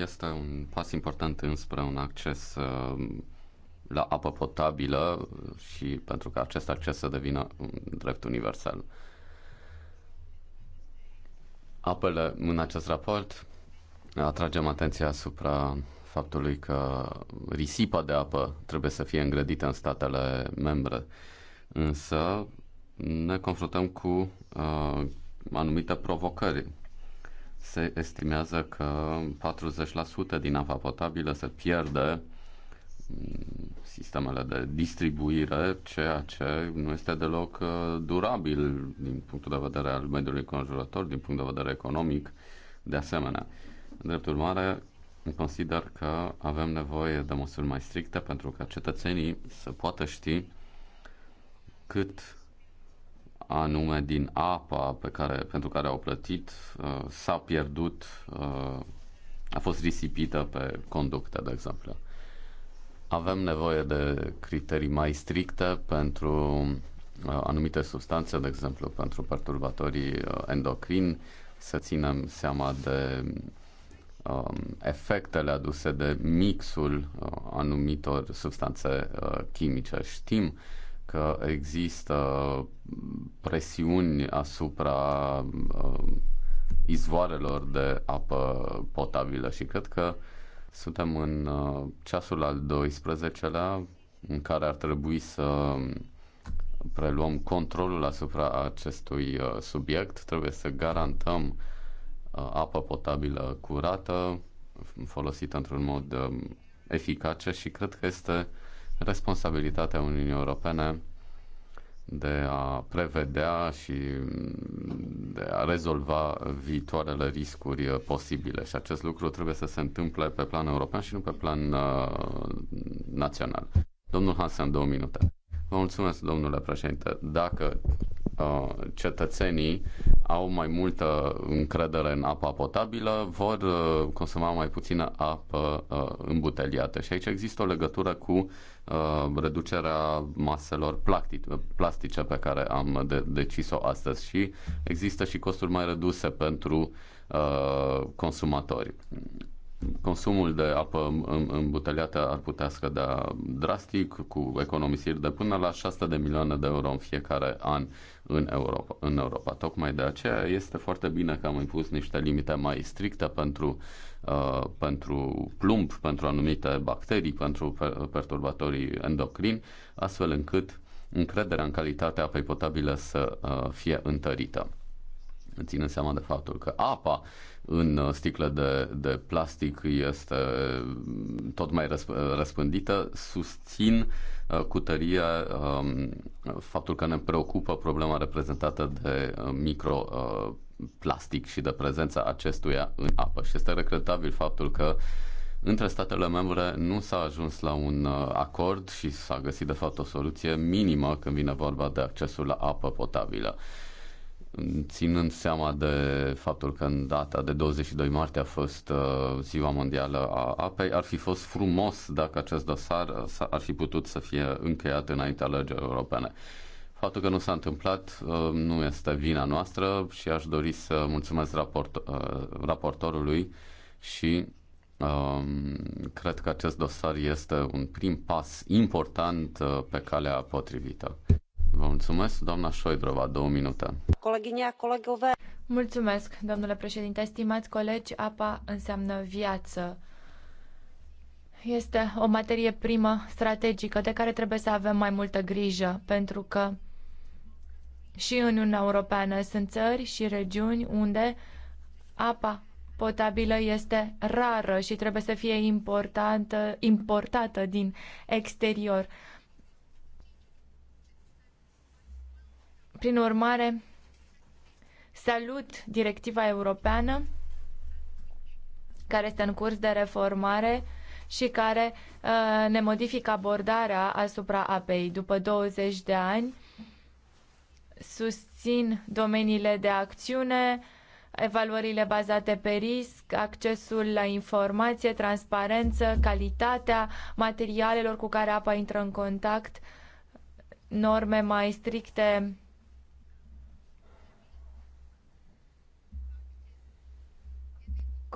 este un pas important înspre un acces uh, la apă potabilă și pentru că acest acces să devină un drept universal. Apele în acest raport atragem atenția asupra faptului că risipa de apă trebuie să fie îngrădită în statele membre. Însă ne confruntăm cu uh, anumite provocări se estimează că 40% din apa potabilă se pierde sistemele de distribuire, ceea ce nu este deloc uh, durabil din punctul de vedere al mediului conjurător, din punct de vedere economic, de asemenea. Drept urmare, consider că avem nevoie de măsuri mai stricte pentru ca cetățenii să poată ști cât anume din apa pe care, pentru care au plătit uh, s-a pierdut, uh, a fost risipită pe conducte, de exemplu. Avem nevoie de criterii mai stricte pentru uh, anumite substanțe, de exemplu pentru perturbatorii endocrini, să ținem seama de um, efectele aduse de mixul anumitor substanțe chimice. Știm că există presiuni asupra um, izvoarelor de apă potabilă și cred că suntem în uh, ceasul al 12-lea în care ar trebui să preluăm controlul asupra acestui uh, subiect. Trebuie să garantăm uh, apă potabilă curată, folosită într-un mod um, eficace și cred că este uh, responsabilitatea Uniunii Europene de a prevedea și de a rezolva viitoarele riscuri posibile. Și acest lucru trebuie să se întâmple pe plan european și nu pe plan uh, național. Domnul Hansen, două minute. Vă mulțumesc, domnule președinte. Dacă Uh, cetățenii au mai multă încredere în apa potabilă, vor uh, consuma mai puțină apă uh, îmbuteliată. Și aici există o legătură cu reducerea maselor plastice pe care am decis-o astăzi și există și costuri mai reduse pentru consumatori consumul de apă îmbuteliată ar putea scădea drastic, cu economisiri de până la 600 de milioane de euro în fiecare an în Europa. În Europa. Tocmai de aceea este foarte bine că am impus niște limite mai stricte pentru, uh, pentru plumb, pentru anumite bacterii, pentru per- perturbatorii endocrini, astfel încât încrederea în calitatea apei potabile să uh, fie întărită. Ținând seama de faptul că apa în uh, sticle de, de plastic este mm, tot mai răsp- uh, răspândită. Susțin uh, cu tărie um, faptul că ne preocupă problema reprezentată de microplastic și de prezența acestuia în apă. Și este regretabil faptul că între statele membre nu s-a ajuns la un acord și s-a găsit de fapt o soluție minimă când vine vorba de accesul la apă potabilă ținând seama de faptul că în data de 22 martie a fost uh, Ziua Mondială a Apei, ar fi fost frumos dacă acest dosar uh, ar fi putut să fie încheiat înainte alegerilor europene. Faptul că nu s-a întâmplat uh, nu este vina noastră și aș dori să mulțumesc raport, raportorului și um, cred că acest dosar este un prim pas important pe calea potrivită. Vă mulțumesc, doamna Șoidrova, două minute. Coleginia, colegove. Mulțumesc, domnule președinte. Stimați colegi, apa înseamnă viață. Este o materie primă strategică de care trebuie să avem mai multă grijă, pentru că și în Uniunea Europeană sunt țări și regiuni unde apa potabilă este rară și trebuie să fie importată din exterior. Prin urmare, salut directiva europeană care este în curs de reformare și care uh, ne modifică abordarea asupra apei. După 20 de ani, susțin domeniile de acțiune, evaluările bazate pe risc, accesul la informație, transparență, calitatea materialelor cu care apa intră în contact, norme mai stricte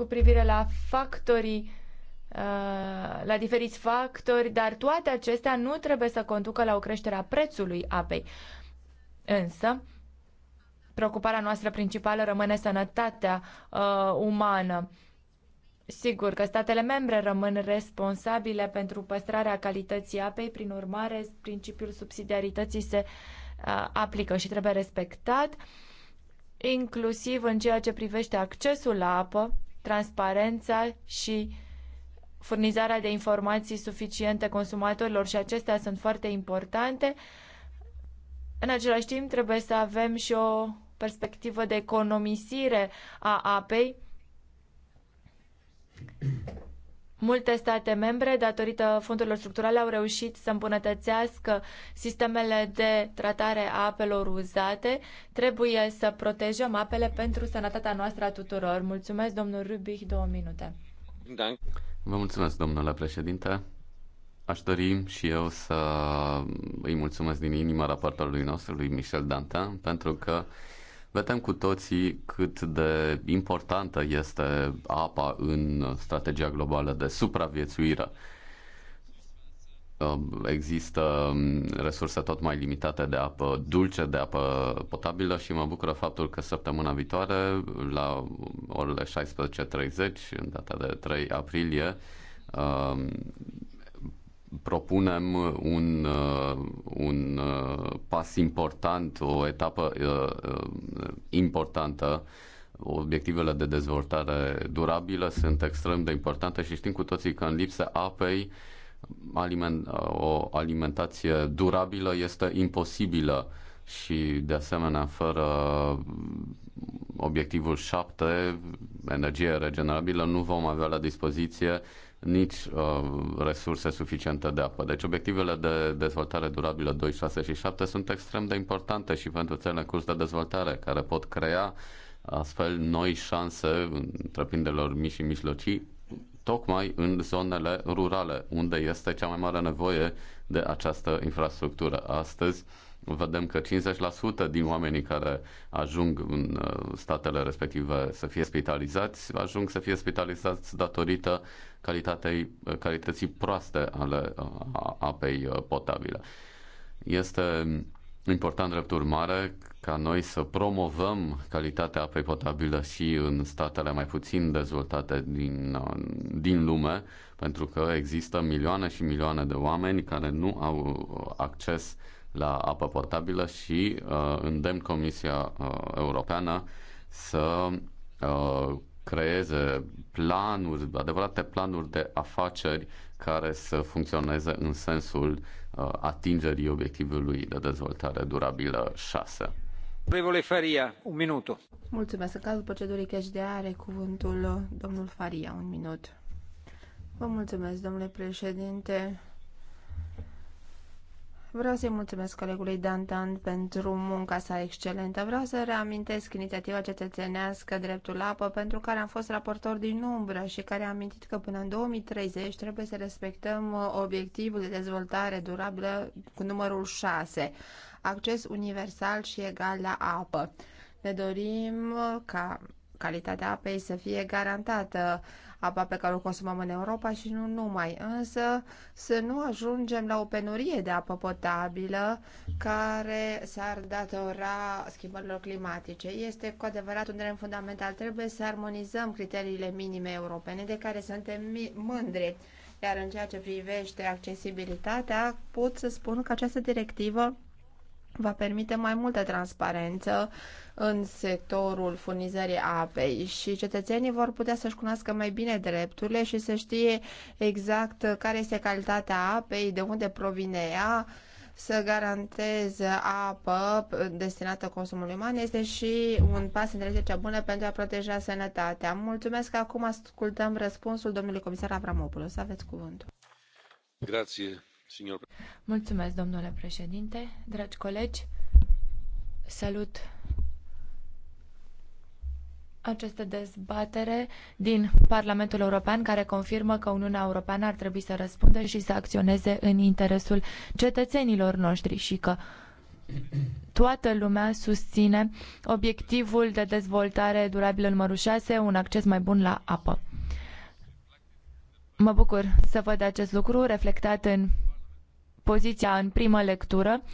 cu privire la factorii, uh, la diferiți factori, dar toate acestea nu trebuie să conducă la o creștere a prețului apei. Însă, preocuparea noastră principală rămâne sănătatea uh, umană. Sigur că statele membre rămân responsabile pentru păstrarea calității apei, prin urmare, principiul subsidiarității se uh, aplică și trebuie respectat, inclusiv în ceea ce privește accesul la apă transparența și furnizarea de informații suficiente consumatorilor și acestea sunt foarte importante. În același timp, trebuie să avem și o perspectivă de economisire a apei Multe state membre, datorită fondurilor structurale, au reușit să îmbunătățească sistemele de tratare a apelor uzate. Trebuie să protejăm apele pentru sănătatea noastră a tuturor. Mulțumesc, domnul Rubich, două minute. Vă mulțumesc, domnule președinte. Aș dori și eu să îi mulțumesc din inimă raportorului nostru, lui Michel Dantin, pentru că Vedem cu toții cât de importantă este apa în strategia globală de supraviețuire. Um, există um, resurse tot mai limitate de apă dulce, de apă potabilă și mă bucură faptul că săptămâna viitoare, la orele 16.30, în data de 3 aprilie, um, propunem un, uh, un uh, pas important, o etapă uh, importantă. Obiectivele de dezvoltare durabilă sunt extrem de importante și știm cu toții că în lipsa apei aliment, o alimentație durabilă este imposibilă și de asemenea fără obiectivul 7, energie regenerabilă, nu vom avea la dispoziție nici uh, resurse suficiente de apă. Deci obiectivele de dezvoltare durabilă 2, 6 și 7 sunt extrem de importante și pentru țările în curs de dezvoltare care pot crea astfel noi șanse întreprinderilor mici și mijlocii tocmai în zonele rurale, unde este cea mai mare nevoie de această infrastructură. Astăzi, uh, vedem că 50% din oamenii care ajung în uh, statele respective să fie spitalizați, ajung să fie spitalizați datorită calității uh, calității proaste ale uh, apei potabile. Este important, drept urmare, ca noi să promovăm calitatea apei potabile și în statele mai puțin dezvoltate din, din lume, pentru că există milioane și milioane de oameni care nu au acces la apă potabilă și uh, îndemn Comisia uh, Europeană să uh, creeze planuri, adevărate planuri de afaceri care să funcționeze în sensul uh, atingerii obiectivului de dezvoltare durabilă 6. Prevole Faria, un minut. Mulțumesc. În cazul procedurii cash de are cuvântul domnul Faria, un minut. Vă mulțumesc, domnule președinte. Vreau să-i mulțumesc colegului Dantan pentru munca sa excelentă. Vreau să reamintesc inițiativa cetățenească Dreptul la apă, pentru care am fost raportor din umbră și care a amintit că până în 2030 trebuie să respectăm uh, obiectivul de dezvoltare durabilă cu numărul 6, acces universal și egal la apă. Ne dorim uh, ca calitatea apei să fie garantată apa pe care o consumăm în Europa și nu numai, însă să nu ajungem la o penurie de apă potabilă care s-ar datora schimbărilor climatice. Este cu adevărat un drept fundamental. Trebuie să armonizăm criteriile minime europene de care suntem mândri. Iar în ceea ce privește accesibilitatea, pot să spun că această directivă va permite mai multă transparență în sectorul furnizării apei și cetățenii vor putea să-și cunoască mai bine drepturile și să știe exact care este calitatea apei, de unde provine ea, să garanteze apă destinată consumului uman este și un pas în direcția bună pentru a proteja sănătatea. Mulțumesc că acum ascultăm răspunsul domnului comisar Avramopoulos. Aveți cuvântul. Grație, signor. Mulțumesc, domnule președinte. Dragi colegi, salut această dezbatere din Parlamentul European care confirmă că Uniunea Europeană ar trebui să răspundă și să acționeze în interesul cetățenilor noștri și că toată lumea susține obiectivul de dezvoltare durabilă numărul 6, un acces mai bun la apă. Mă bucur să văd acest lucru reflectat în poziția în primă lectură uh,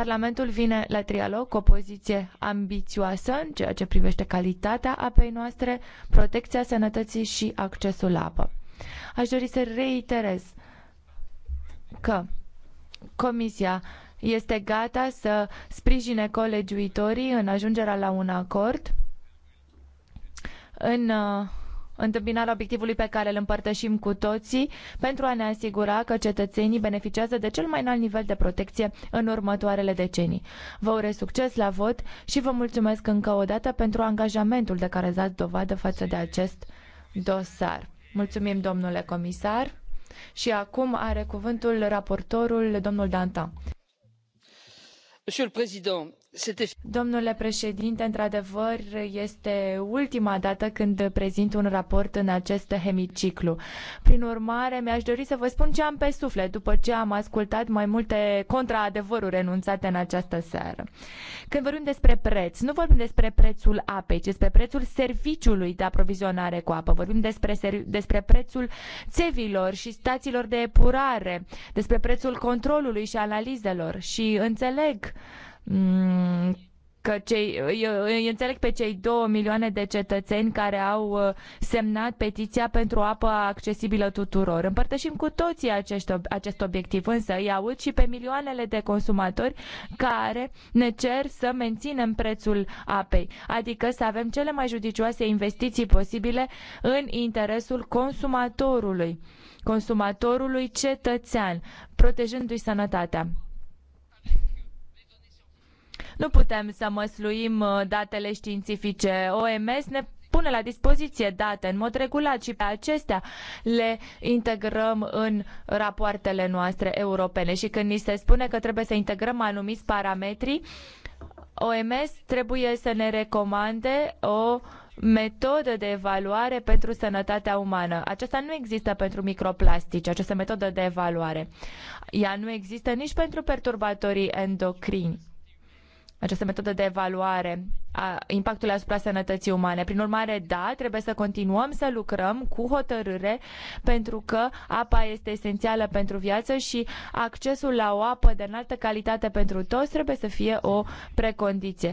Parlamentul vine la trialog cu o poziție ambițioasă în ceea ce privește calitatea apei noastre, protecția sănătății și accesul la apă. Aș dori să reiterez că Comisia este gata să sprijine colegiuitorii în ajungerea la un acord în uh, întâmpinarea obiectivului pe care îl împărtășim cu toții pentru a ne asigura că cetățenii beneficiază de cel mai înalt nivel de protecție în următoarele decenii. Vă urez succes la vot și vă mulțumesc încă o dată pentru angajamentul de care dați dovadă față de acest dosar. Mulțumim, domnule comisar. Și acum are cuvântul raportorul, domnul Dantin. Monsieur le Président, Domnule președinte, într-adevăr, este ultima dată când prezint un raport în acest hemiciclu. Prin urmare, mi-aș dori să vă spun ce am pe suflet după ce am ascultat mai multe contraadevăruri renunțate în această seară. Când vorbim despre preț, nu vorbim despre prețul apei, ci despre prețul serviciului de aprovizionare cu apă. Vorbim despre, despre prețul țevilor și stațiilor de epurare, despre prețul controlului și analizelor și înțeleg Mm, că cei, eu eu înțeleg pe cei 2 milioane de cetățeni care au uh, semnat petiția pentru apă accesibilă tuturor. Împărtășim cu toții acest, acest obiectiv, însă îi aud și pe milioanele de consumatori care ne cer să menținem prețul apei, adică să avem cele mai judicioase investiții posibile în interesul consumatorului, consumatorului cetățean, protejându-i sănătatea. Nu putem să măsluim uh, datele științifice. OMS ne pune la dispoziție date în mod regulat și pe acestea le integrăm în rapoartele noastre europene. Și când ni se spune că trebuie să integrăm anumiți parametri, OMS trebuie să ne recomande o metodă de evaluare pentru sănătatea umană. Aceasta nu există pentru microplastici, această metodă de evaluare. Ea nu există nici pentru perturbatorii endocrini această metodă de evaluare a impactului asupra sănătății umane. Prin urmare, da, trebuie să continuăm să lucrăm cu hotărâre pentru că apa este esențială pentru viață și accesul la o apă de înaltă calitate pentru toți trebuie să fie o precondiție.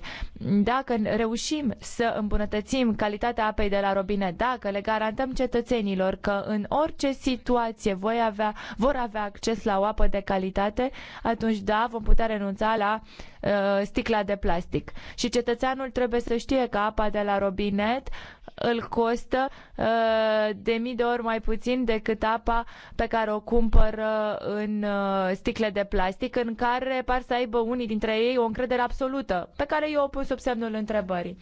Dacă reușim să îmbunătățim calitatea apei de la robinet, dacă le garantăm cetățenilor că în orice situație voi avea, vor avea acces la o apă de calitate, atunci da, vom putea renunța la Uh, sticla de plastic. Și cetățeanul trebuie să știe că apa de la robinet îl costă uh, de mii de ori mai puțin decât apa pe care o cumpără în uh, sticle de plastic, în care par să aibă unii dintre ei o încredere absolută, pe care eu o pun sub semnul întrebării.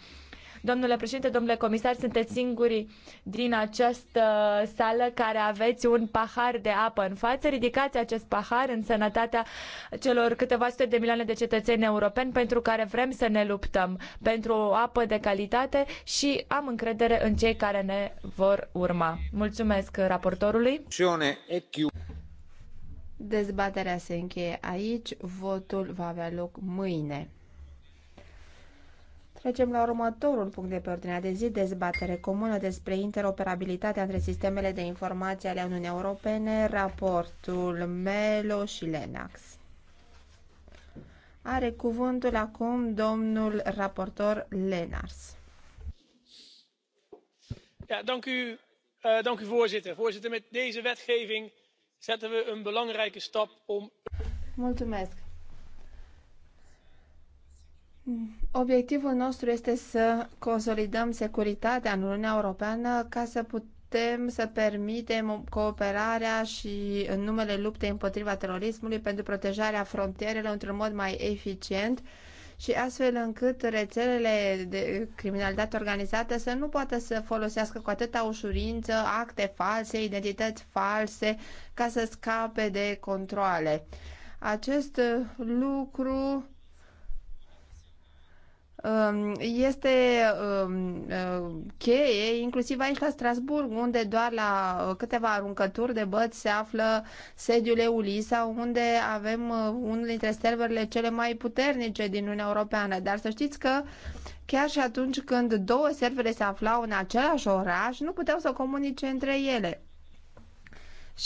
Domnule președinte, domnule comisar, sunteți singurii din această sală care aveți un pahar de apă în față. Ridicați acest pahar în sănătatea celor câteva sute de milioane de cetățeni europeni pentru care vrem să ne luptăm, pentru o apă de calitate și am încredere în cei care ne vor urma. Mulțumesc raportorului. Dezbaterea se încheie aici, votul va avea loc mâine. Trecem la următorul punct de pe ordinea de zi, dezbatere comună despre interoperabilitatea între sistemele de informații ale Uniunii Europene, raportul Melo și Lenax. Are cuvântul acum domnul raportor Lenars. Ja, dank u, uh, dank u voorzitter. Voorzitter, met deze wetgeving zetten we een belangrijke stap om. Mulțumesc Obiectivul nostru este să consolidăm securitatea în Uniunea Europeană ca să putem să permitem cooperarea și în numele luptei împotriva terorismului pentru protejarea frontierelor într-un mod mai eficient și astfel încât rețelele de criminalitate organizată să nu poată să folosească cu atâta ușurință acte false, identități false, ca să scape de controle. Acest lucru Um, este um, uh, cheie, inclusiv aici la Strasburg, unde doar la uh, câteva aruncături de băți se află sediul EULISA, unde avem uh, unul dintre serverele cele mai puternice din Uniunea Europeană. Dar să știți că chiar și atunci când două servere se aflau în același oraș, nu puteau să comunice între ele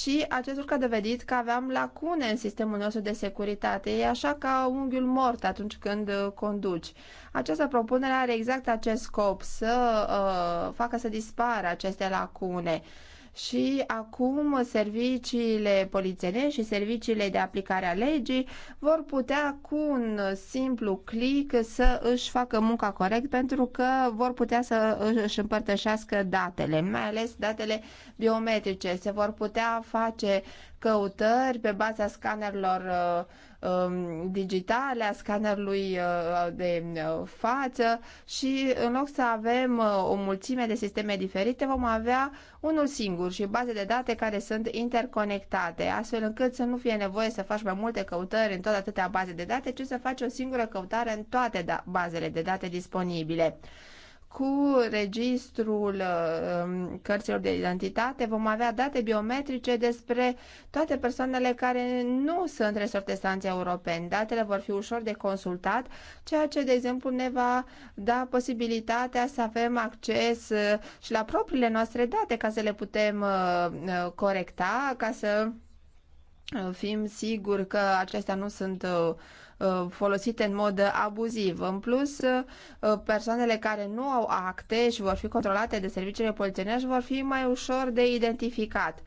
și acest lucru a dovedit că aveam lacune în sistemul nostru de securitate. E așa ca unghiul mort atunci când uh, conduci. Această propunere are exact acest scop, să uh, facă să dispară aceste lacune. Uh, și acum serviciile polițienești și serviciile de aplicare a legii vor putea cu un simplu click să își facă munca corect pentru că vor putea să își împărtășească datele, mai ales datele biometrice. Se vor putea face căutări pe baza scanerilor uh, Um, digitale, a scannerului uh, de uh, față și în loc să avem uh, o mulțime de sisteme diferite, vom avea unul singur și baze de date care sunt interconectate, astfel încât să nu fie nevoie să faci mai multe căutări în toate atâtea baze de date, ci să faci o singură căutare în toate da, bazele de date disponibile cu registrul um, cărților de identitate vom avea date biometrice despre toate persoanele care nu sunt resortestanți europeni. Datele vor fi ușor de consultat, ceea ce, de exemplu, ne va da posibilitatea să avem acces uh, și la propriile noastre date ca să le putem uh, uh, corecta, ca să fim siguri că acestea nu sunt Uh, folosite în mod abuziv. În plus, uh, persoanele care nu au acte și vor fi controlate de serviciile polițienești vor fi mai ușor de identificat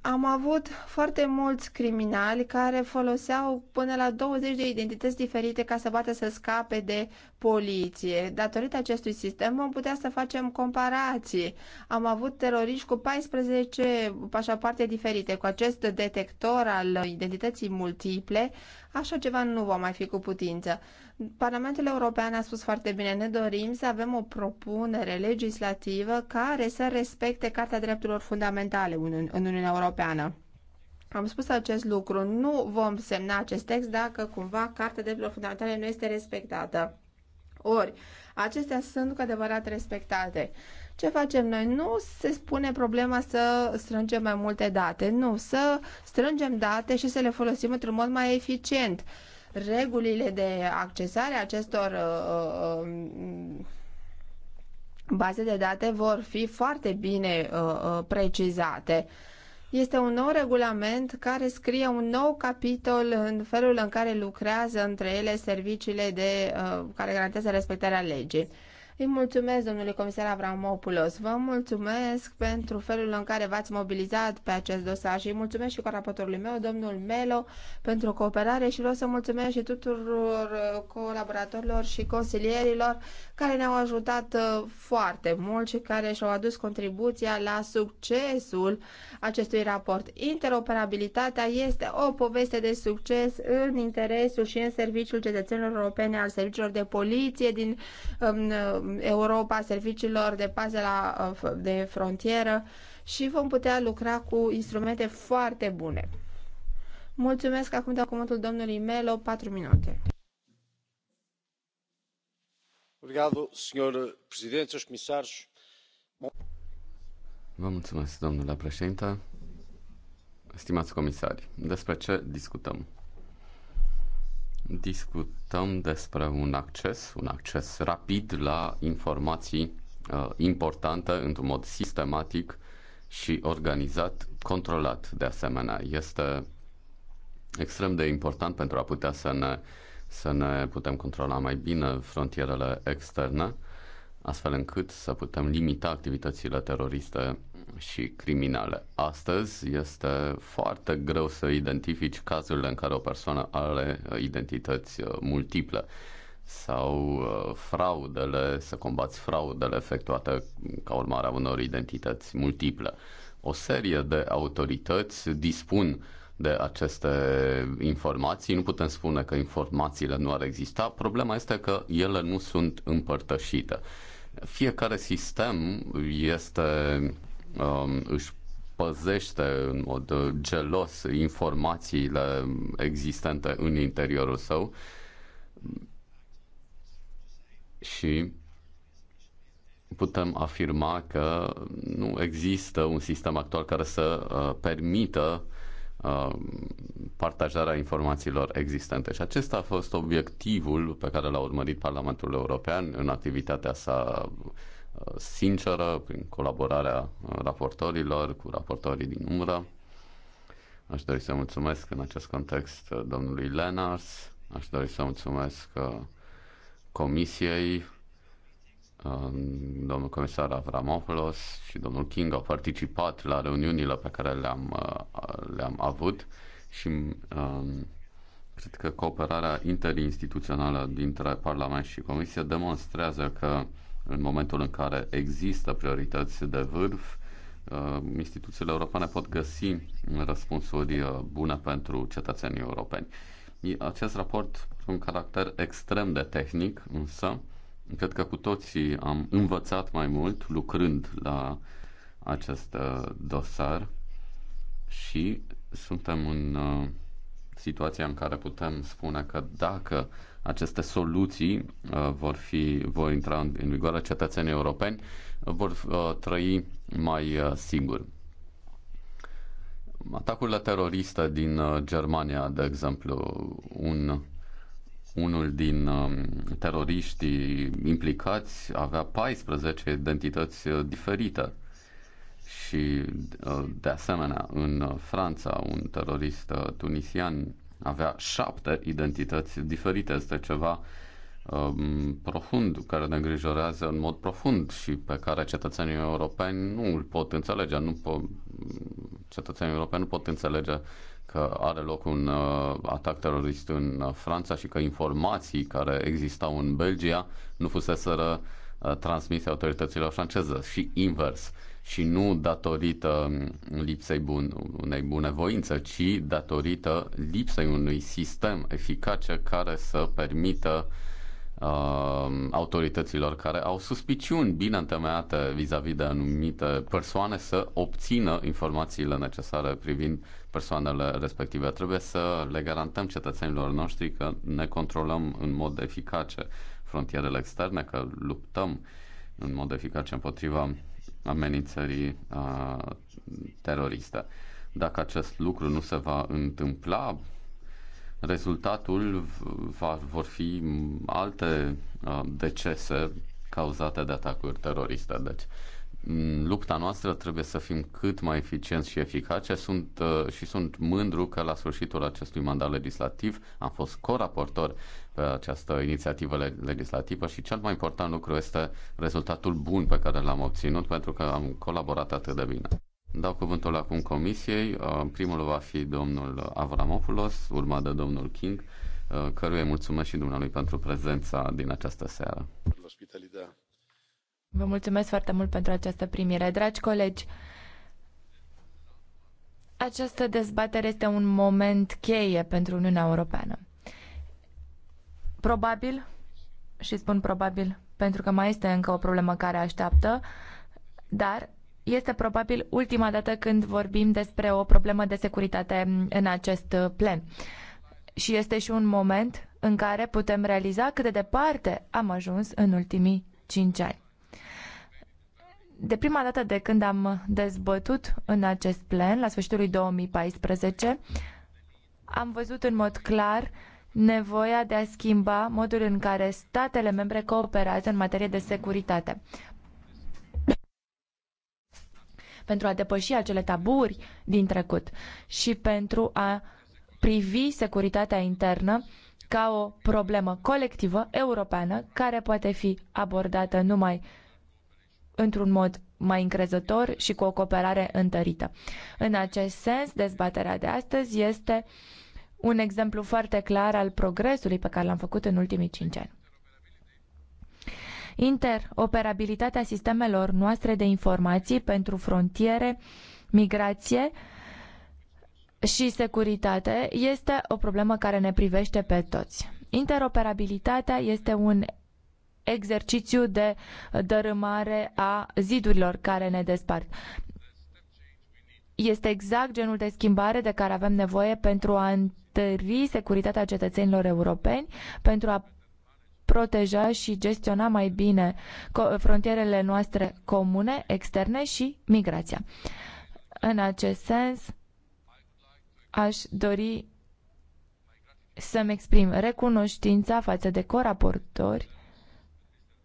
am avut foarte mulți criminali care foloseau până la 20 de identități diferite ca să poată să scape de poliție. Datorită acestui sistem vom putea să facem comparații. Am avut teroriști cu 14 pașapoarte diferite. Cu acest detector al identității multiple, așa ceva nu va mai fi cu putință. Parlamentul European a spus foarte bine, ne dorim să avem o propunere legislativă care să respecte Carta Drepturilor Fundamentale în Uniunea Europeană. Am spus acest lucru, nu vom semna acest text dacă cumva Carta Drepturilor Fundamentale nu este respectată. Ori, acestea sunt cu adevărat respectate. Ce facem noi? Nu se spune problema să strângem mai multe date, nu, să strângem date și să le folosim într-un mod mai eficient regulile de accesare a acestor uh, uh, um, baze de date vor fi foarte bine uh, uh, precizate. Este un nou regulament care scrie un nou capitol în felul în care lucrează între ele serviciile de, uh, care garantează respectarea legii. Îi mulțumesc, domnule comisar Avramopoulos, vă mulțumesc pentru felul în care v-ați mobilizat pe acest dosar și îi mulțumesc și cu meu, domnul Melo, pentru cooperare și vreau să mulțumesc și tuturor uh, colaboratorilor și consilierilor care ne-au ajutat uh, foarte mult și care și-au adus contribuția la succesul acestui raport. Interoperabilitatea este o poveste de succes în interesul și în serviciul cetățenilor europene al serviciilor de poliție din um, Europa, serviciilor de pază la, uh, de frontieră și vom putea lucra cu instrumente foarte bune. Mulțumesc acum de cuvântul domnului Melo, 4 minute. Obrigado, senhor presidente, senhores comissários. Vă mulțumesc, domnule președinte. Stimați comisari, despre ce discutăm? discutăm despre un acces, un acces rapid la informații uh, importante într-un mod sistematic și organizat, controlat de asemenea. Este extrem de important pentru a putea să ne, să ne putem controla mai bine frontierele externe astfel încât să putem limita activitățile teroriste și criminale. Astăzi este foarte greu să identifici cazurile în care o persoană are uh, identități uh, multiple sau uh, fraudele, să combați fraudele efectuate ca urmare a unor identități multiple. O serie de autorități dispun de aceste informații. Nu putem spune că informațiile nu ar exista. Problema este că ele nu sunt împărtășite. Fiecare sistem este, um, își păzește în mod uh, gelos informațiile existente în interiorul său și putem afirma că nu există un sistem actual care să uh, permită Um, partajarea informațiilor existente. Și acesta a fost obiectivul pe care l-a urmărit Parlamentul European în activitatea sa uh, sinceră, prin colaborarea uh, raportorilor cu raportorii din umbră. Aș dori să mulțumesc în acest context uh, domnului Lenars, aș dori să mulțumesc Comisiei Um, domnul comisar Avramopoulos și domnul King au participat la reuniunile pe care le-am, uh, le-am avut și um, cred că cooperarea interinstituțională dintre Parlament și Comisie demonstrează că în momentul în care există priorități de vârf, um, instituțiile europene pot găsi răspunsuri uh, bune pentru cetățenii europeni. Acest raport are un caracter extrem de tehnic, însă Cred că cu toții am învățat mai mult lucrând la acest uh, dosar și suntem în uh, situația în care putem spune că dacă aceste soluții uh, vor fi vor intra în, în vigoare, cetățenii europeni vor uh, trăi mai uh, siguri. Atacurile teroriste din uh, Germania, de exemplu, un unul din um, teroriștii implicați avea 14 identități uh, diferite. Și, uh, de asemenea, în uh, Franța, un terorist tunisian avea șapte identități diferite. Este ceva um, profund, care ne îngrijorează în mod profund și pe care cetățenii europeni nu îl pot înțelege. Nu po- cetățenii europeni nu pot înțelege că are loc un uh, atac terorist în uh, Franța și că informații care existau în Belgia nu uh, transmise autorităților franceze și invers și nu datorită um, lipsei bun, unei voințe ci datorită lipsei unui sistem eficace care să permită Um, autorităților care au suspiciuni bine întemeiate vis-a-vis de anumite persoane să obțină informațiile necesare privind persoanele respective. Trebuie să le garantăm cetățenilor noștri că ne controlăm în mod eficace frontierele externe, că luptăm în mod eficace împotriva amenințării a, uh, teroriste. Dacă acest lucru nu se va întâmpla, Rezultatul va, vor fi alte uh, decese cauzate de atacuri teroriste. Deci, mm, lupta noastră trebuie să fim cât mai eficienți și eficace sunt, uh, și sunt mândru că la sfârșitul acestui mandat legislativ am fost coraportor pe această inițiativă legislativă și cel mai important lucru este rezultatul bun pe care l-am obținut pentru că am colaborat atât de bine. Dau cuvântul acum comisiei. Uh, primul va fi domnul Avramopoulos, urmat de domnul King, uh, căruia mulțumesc și dumnealui pentru prezența din această seară. Vă mulțumesc foarte mult pentru această primire. Dragi colegi, această dezbatere este un moment cheie pentru Uniunea Europeană. Probabil, și spun probabil pentru că mai este încă o problemă care așteaptă, dar este probabil ultima dată când vorbim despre o problemă de securitate în acest plen. Și este și un moment în care putem realiza cât de departe am ajuns în ultimii cinci ani. De prima dată de când am dezbătut în acest plen, la sfârșitul lui 2014, am văzut în mod clar nevoia de a schimba modul în care statele membre cooperează în materie de securitate pentru a depăși acele taburi din trecut și pentru a privi securitatea internă ca o problemă colectivă europeană care poate fi abordată numai într-un mod mai încrezător și cu o cooperare întărită. În acest sens, dezbaterea de astăzi este un exemplu foarte clar al progresului pe care l-am făcut în ultimii cinci ani interoperabilitatea sistemelor noastre de informații pentru frontiere, migrație și securitate este o problemă care ne privește pe toți. Interoperabilitatea este un exercițiu de dărâmare a zidurilor care ne despart este exact genul de schimbare de care avem nevoie pentru a întări securitatea cetățenilor europeni, pentru a proteja și gestiona mai bine frontierele noastre comune, externe și migrația. În acest sens, aș dori să-mi exprim recunoștința față de coraportori,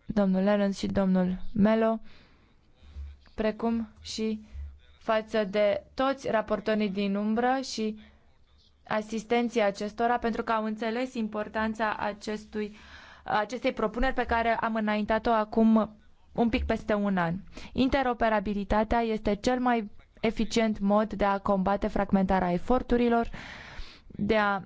domnul Lerens și domnul Melo, precum și față de toți raportorii din umbră și asistenții acestora pentru că au înțeles importanța acestui acestei propuneri pe care am înaintat-o acum un pic peste un an. Interoperabilitatea este cel mai eficient mod de a combate fragmentarea eforturilor, de a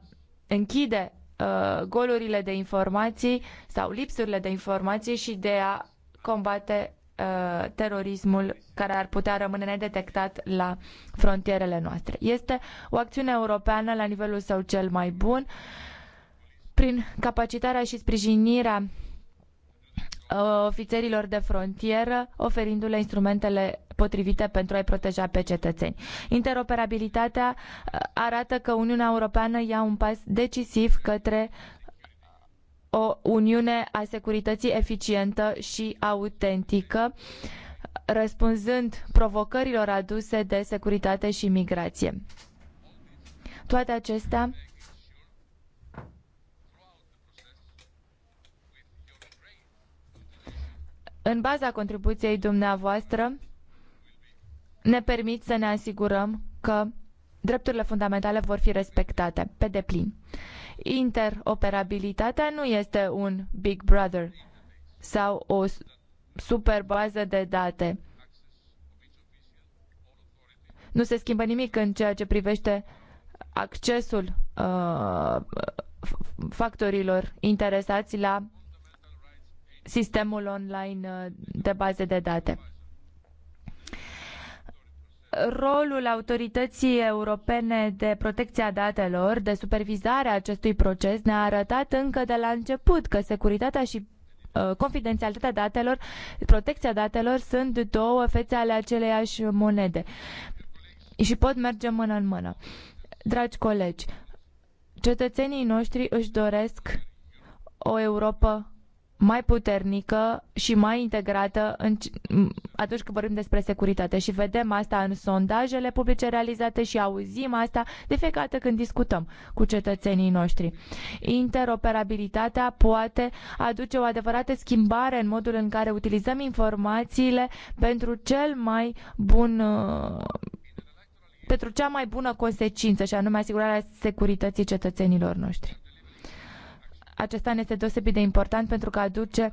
închide uh, golurile de informații sau lipsurile de informații și de a combate uh, terorismul care ar putea rămâne nedetectat la frontierele noastre. Este o acțiune europeană la nivelul său cel mai bun. Uh, prin capacitarea și sprijinirea uh, ofițerilor de frontieră, oferindu-le instrumentele potrivite pentru a-i proteja pe cetățeni. Interoperabilitatea uh, arată că Uniunea Europeană ia un pas decisiv către uh, o uniune a securității eficientă și autentică, răspunzând provocărilor aduse de securitate și migrație. Toate acestea în baza contribuției dumneavoastră, ne permit să ne asigurăm că drepturile fundamentale vor fi respectate pe deplin. Interoperabilitatea nu este un Big Brother sau o super bază de date. Nu se schimbă nimic în ceea ce privește accesul uh, factorilor interesați la sistemul online uh, de baze de date. Rolul Autorității Europene de Protecție a Datelor, de supervizare a acestui proces, ne-a arătat încă de la început că securitatea și uh, confidențialitatea datelor, protecția datelor sunt două fețe ale aceleiași monede și pot merge mână în mână. Dragi colegi, cetățenii noștri își doresc o Europa mai puternică și mai integrată în, atunci când vorbim despre securitate. Și vedem asta în sondajele publice realizate și auzim asta de fiecare dată când discutăm cu cetățenii noștri. Interoperabilitatea poate aduce o adevărată schimbare în modul în care utilizăm informațiile pentru cel mai bun uh, pentru cea mai bună consecință și anume asigurarea securității cetățenilor noștri. Acesta este deosebit de important pentru că aduce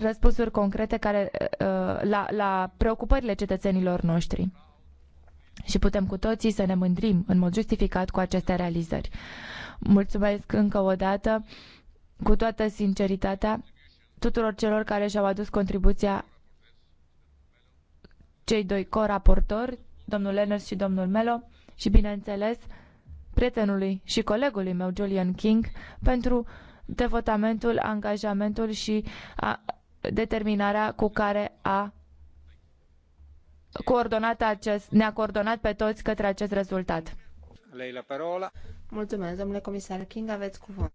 răspunsuri concrete care, uh, la, la preocupările cetățenilor noștri. Și putem cu toții să ne mândrim în mod justificat cu aceste realizări. Mulțumesc încă o dată, cu toată sinceritatea, tuturor celor care și-au adus contribuția cei doi coraportori, domnul Lenners și domnul Melo, și bineînțeles prietenului și colegului meu Julian King pentru devotamentul, angajamentul și determinarea cu care a coordonat acest, ne-a coordonat pe toți către acest rezultat. Mulțumesc, domnule comisar King, aveți cuvânt.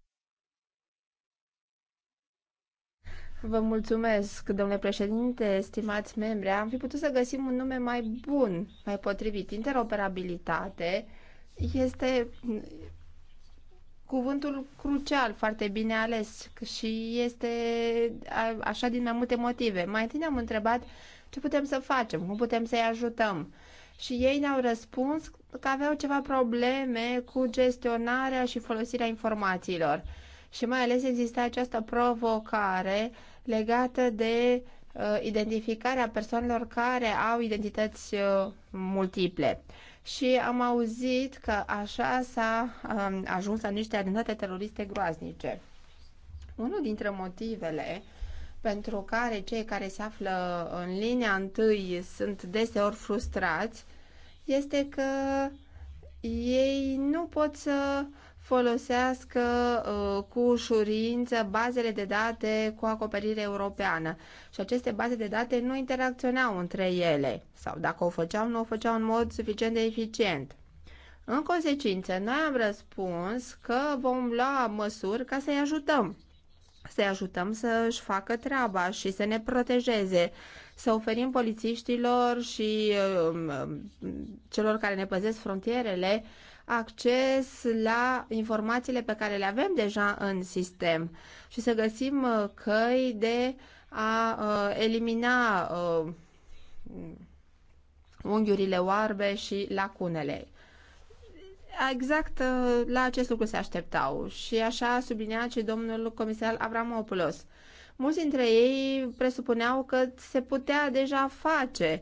Vă mulțumesc, domnule președinte, stimați membri. Am fi putut să găsim un nume mai bun, mai potrivit. Interoperabilitate este cuvântul crucial foarte bine ales și este așa din mai multe motive. Mai întâi ne-am întrebat ce putem să facem, cum putem să-i ajutăm. Și ei ne-au răspuns că aveau ceva probleme cu gestionarea și folosirea informațiilor. Și mai ales exista această provocare legată de uh, identificarea persoanelor care au identități uh, multiple. Uh, și am auzit că așa s-a um, ajuns la niște atentate teroriste groaznice. Unul dintre motivele pentru care cei care se află în linia întâi sunt deseori frustrați este că ei nu pot să uh, folosească uh, cu ușurință bazele de date cu acoperire europeană. Și aceste baze de date nu interacționau între ele, sau dacă o făceau, nu o făceau în mod suficient de eficient. În consecință, noi am răspuns că vom lua măsuri ca să-i ajutăm. Să-i ajutăm să-și facă treaba și să ne protejeze, să oferim polițiștilor și uh, celor care ne păzesc frontierele uh, acces la informațiile pe care le avem deja în sistem și să găsim uh, căi de a uh, elimina uh, unghiurile oarbe și lacunele. Exact la acest lucru se așteptau și așa sublinea și domnul comisar Avramopoulos. Mulți dintre ei presupuneau că se putea deja face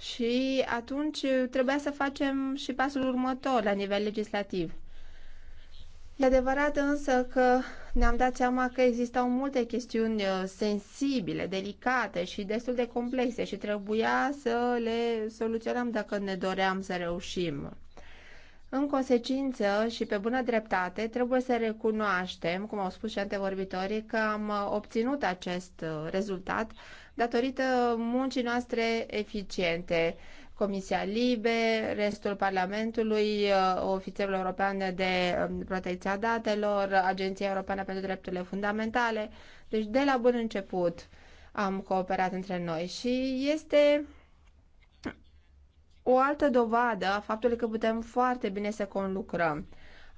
și atunci uh, trebuia să facem și pasul următor la nivel legislativ. E adevărat însă că ne-am dat seama că existau multe chestiuni uh, sensibile, delicate și destul de complexe și trebuia să le soluționăm dacă ne doream să reușim. În consecință și pe bună dreptate, trebuie să recunoaștem, cum au spus și antevorbitorii, că am uh, obținut acest rezultat datorită muncii noastre eficiente. Comisia Libe, restul Parlamentului, uh, Ofițerul European de um, Protecția Datelor, Agenția Europeană pentru Drepturile Fundamentale. Deci de la bun început am cooperat între noi și este o altă dovadă a faptului că putem foarte bine să conlucrăm.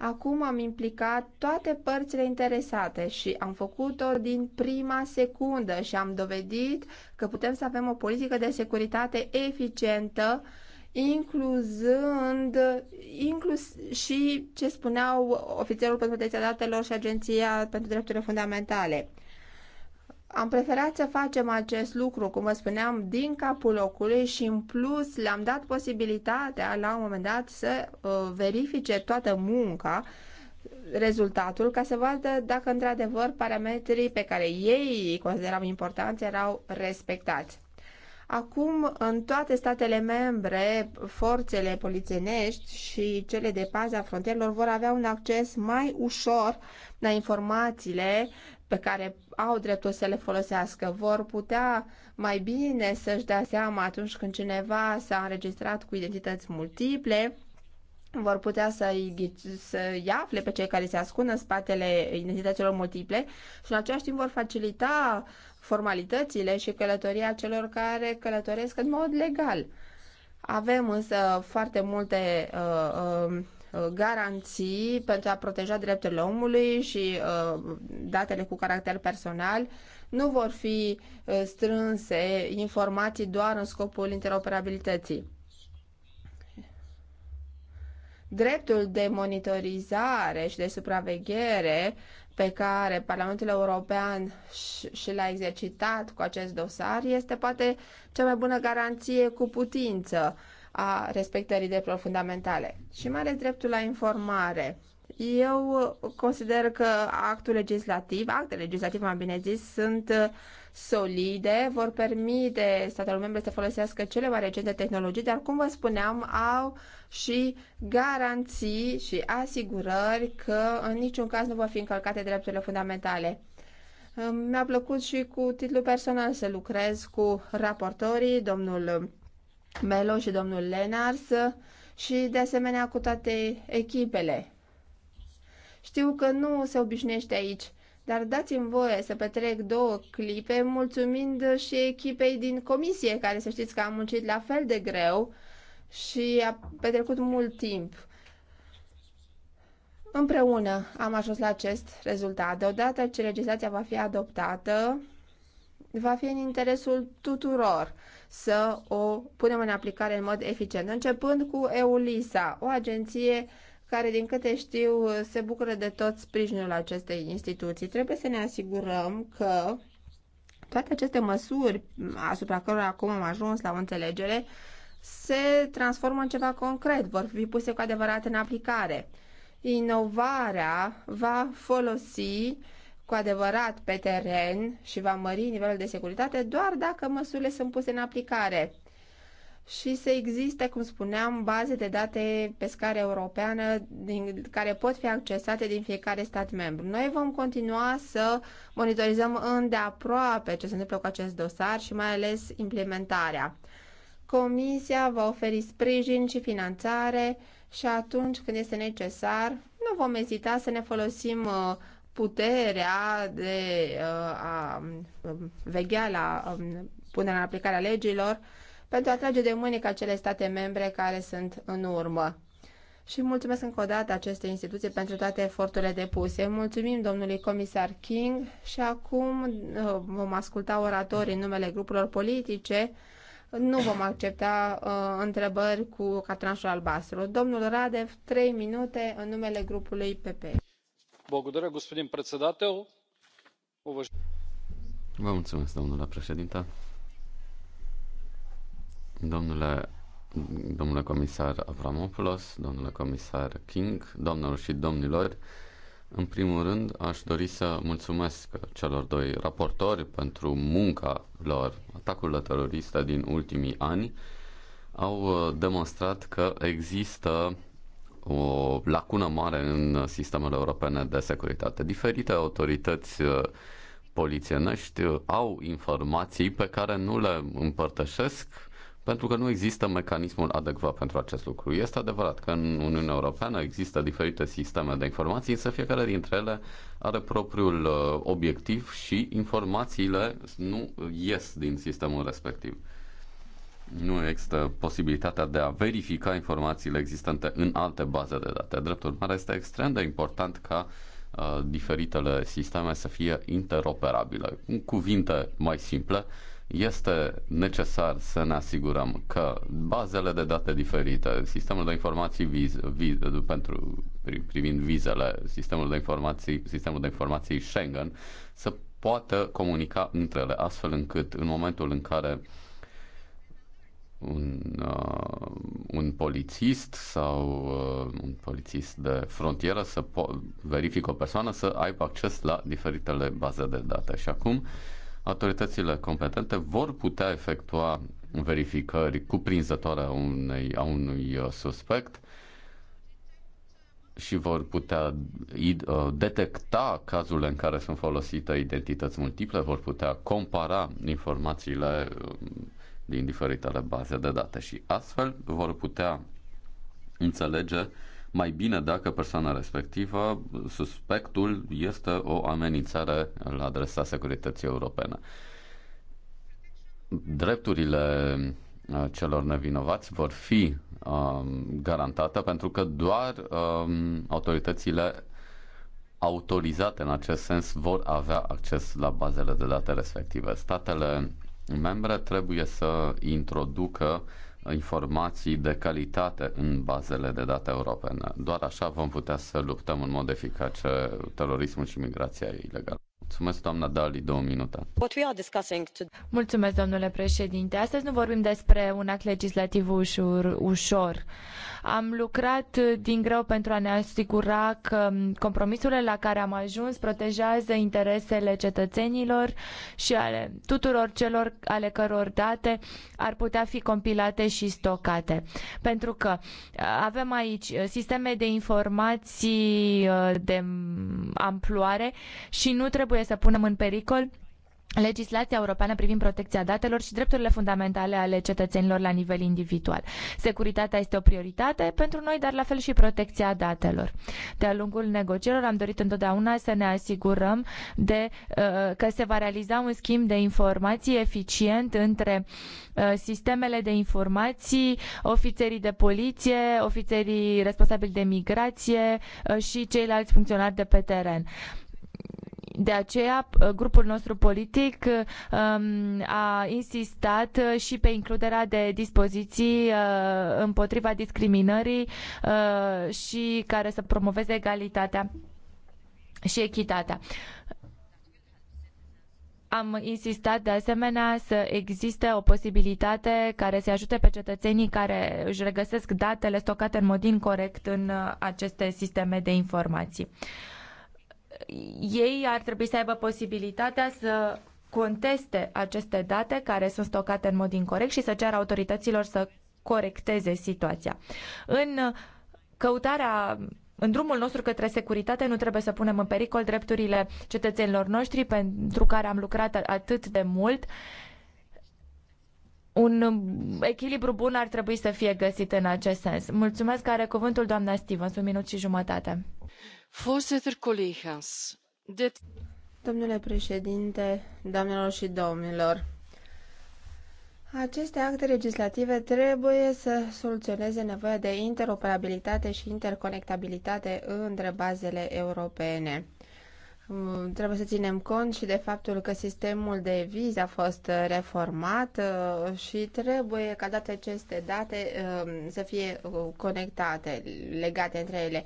Acum am implicat toate părțile interesate și am făcut-o din prima secundă și am dovedit că putem să avem o politică de securitate eficientă, incluzând inclus și ce spuneau ofițerul pentru protecția datelor și Agenția pentru Drepturile Fundamentale. Am preferat să facem acest lucru, cum vă spuneam, din capul locului și în plus le-am dat posibilitatea la un moment dat să uh, verifice toată munca, rezultatul, ca să vadă dacă într-adevăr parametrii pe care ei îi considerau importanți erau respectați. Acum, în toate statele membre, forțele polițienești și cele de pază a frontierelor vor avea un acces mai ușor la informațiile pe care au dreptul să le folosească vor putea mai bine să-și dea seama atunci când cineva s-a înregistrat cu identități multiple, vor putea să-i, să-i afle pe cei care se ascund în spatele identităților multiple și în același timp vor facilita formalitățile și călătoria celor care călătoresc în mod legal. Avem însă foarte multe uh, uh, Uh, garanții pentru a proteja drepturile omului și uh, datele cu caracter personal. Nu vor fi uh, strânse informații doar în scopul interoperabilității. Dreptul de monitorizare și de supraveghere pe care Parlamentul European și l-a exercitat cu acest dosar este poate cea mai bună garanție cu putință a respectării drepturilor fundamentale și mai ales dreptul la informare. Eu consider că actul legislativ, actele legislative, mai bine zis, sunt uh, solide, vor permite statelor membre să folosească cele mai recente tehnologii, dar, cum vă spuneam, au și garanții și asigurări că în niciun caz nu vor fi încălcate drepturile fundamentale. Mi-a plăcut și cu titlu personal să lucrez cu raportorii, domnul Melo și domnul Lenars și de asemenea cu toate echipele. Știu că nu se obișnuiește aici, dar dați-mi voie să petrec două clipe mulțumind și echipei din comisie, care să știți că am muncit la fel de greu și a petrecut mult timp. Împreună am ajuns la acest rezultat. Deodată ce legislația va fi adoptată, va fi în interesul tuturor să o punem în aplicare în mod eficient, începând cu EULISA, o agenție care, din câte știu, se bucură de tot sprijinul acestei instituții. Trebuie să ne asigurăm că toate aceste măsuri asupra cărora acum am ajuns la o înțelegere se transformă în ceva concret, vor fi puse cu adevărat în aplicare. Inovarea va folosi cu adevărat pe teren și va mări nivelul de securitate doar dacă măsurile sunt puse în aplicare și să existe, cum spuneam, baze de date pe scară europeană din, care pot fi accesate din fiecare stat membru. Noi vom continua să monitorizăm îndeaproape ce se întâmplă cu acest dosar și mai ales implementarea. Comisia va oferi sprijin și finanțare și atunci când este necesar, nu vom ezita să ne folosim uh, puterea de uh, a um, veghea la um, punerea în aplicare a legilor pentru a trage de mânică acele state membre care sunt în urmă. Și mulțumesc încă o dată acestei instituții pentru toate eforturile depuse. Mulțumim domnului comisar King și acum uh, vom asculta oratorii în numele grupurilor politice. Nu vom accepta uh, întrebări cu catranșul albastru. Domnul Radev, trei minute în numele grupului PP domnule președinte. Domnule, domnule comisar Avramopoulos, domnule comisar King, doamnelor și domnilor, în primul rând, aș dori să mulțumesc celor doi raportori pentru munca lor. Atacurile teroriste din ultimii ani au uh, demonstrat că există o lacună mare în sistemele europene de securitate. Diferite autorități uh, polițienești uh, au informații pe care nu le împărtășesc pentru că nu există mecanismul adecvat pentru acest lucru. Este adevărat că în Uniunea Europeană există diferite sisteme de informații, însă fiecare dintre ele are propriul uh, obiectiv și informațiile nu ies din sistemul respectiv nu există posibilitatea de a verifica informațiile existente în alte baze de date. Drept urmare, este extrem de important ca uh, diferitele sisteme să fie interoperabile. În cuvinte mai simple, este necesar să ne asigurăm că bazele de date diferite, sistemul de informații viz, viz, pentru privind vizele, sistemul de informații, sistemul de informații Schengen să poată comunica între ele, astfel încât în momentul în care uh, un, uh, un polițist sau uh, un polițist de frontieră să po- verifică o persoană să aibă acces la diferitele baze de date. Și acum autoritățile competente vor putea efectua verificări cuprinzătoare a, unei, a unui uh, suspect și vor putea uh, detecta cazurile în care sunt folosite identități multiple, vor putea compara informațiile uh, din diferitele baze de date și astfel vor putea înțelege mai bine dacă persoana respectivă, suspectul, este o amenințare la adresa securității europene. Drepturile uh, celor nevinovați vor fi um, garantate pentru că doar um, autoritățile autorizate în acest sens vor avea acces la bazele de date respective. Statele membre trebuie să introducă informații de calitate în bazele de date europene. Doar așa vom putea să luptăm în mod eficace terorismul și migrația ilegală. Mulțumesc, doamna Dali, două minute. Mulțumesc, domnule președinte. Astăzi nu vorbim despre un act legislativ ușor, ușor. Am lucrat din greu pentru a ne asigura că compromisurile la care am ajuns protejează interesele cetățenilor și ale tuturor celor ale căror date ar putea fi compilate și stocate. Pentru că avem aici sisteme de informații uh, de amploare și nu trebuie trebuie să punem în pericol legislația europeană privind protecția datelor și drepturile fundamentale ale cetățenilor la nivel individual. Securitatea este o prioritate pentru noi, dar la fel și protecția datelor. De-a lungul negocierilor am dorit întotdeauna să ne asigurăm de, uh, că se va realiza un schimb de informații eficient între uh, sistemele de informații, ofițerii de poliție, ofițerii responsabili de migrație uh, și ceilalți funcționari de pe teren de aceea, grupul nostru politic um, a insistat uh, și pe includerea de dispoziții uh, împotriva discriminării uh, și care să promoveze egalitatea și echitatea. Am insistat de asemenea să existe o posibilitate care să ajute pe cetățenii care își regăsesc datele stocate în mod incorrect în aceste sisteme de informații ei ar trebui să aibă posibilitatea să conteste aceste date care sunt stocate în mod incorrect și să ceară autorităților să corecteze situația. În căutarea în drumul nostru către securitate nu trebuie să punem în pericol drepturile cetățenilor noștri pentru care am lucrat atât de mult. Un echilibru bun ar trebui să fie găsit în acest sens. Mulțumesc, are cuvântul doamna Stevens, un minut și jumătate. Domnule președinte, doamnelor și domnilor, aceste acte legislative trebuie să soluționeze nevoia de interoperabilitate și interconectabilitate între bazele europene. Mm, trebuie să ținem cont și de faptul că sistemul de vize a fost reformat uh, și trebuie ca toate aceste date uh, să fie uh, conectate, legate între ele.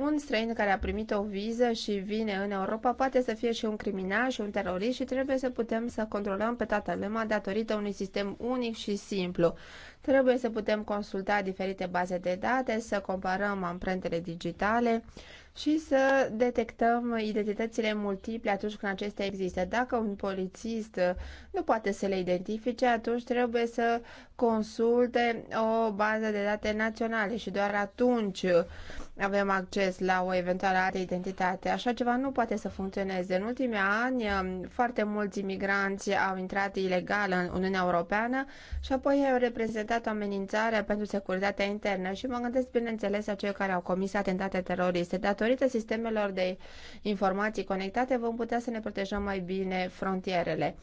Un străin care a primit o viză și vine în Europa poate să fie și un criminal și un terorist și trebuie să putem să controlăm pe toată lumea datorită unui sistem unic și simplu. Trebuie să putem consulta diferite baze de date, să comparăm amprentele digitale și să detectăm identitățile multiple atunci când acestea există. Dacă un polițist nu poate să le identifice, atunci trebuie să consulte o bază de date naționale și doar atunci avem acces la o eventuală altă identitate. Așa ceva nu poate să funcționeze. În ultimii ani, um, foarte mulți imigranți au intrat ilegal în Uniunea Europeană și apoi au reprezentat o amenințare pentru securitatea internă și mă gândesc, bineînțeles, la cei care au comis atentate teroriste. Datorită sistemelor de informații conectate, vom putea să ne protejăm mai bine frontierele.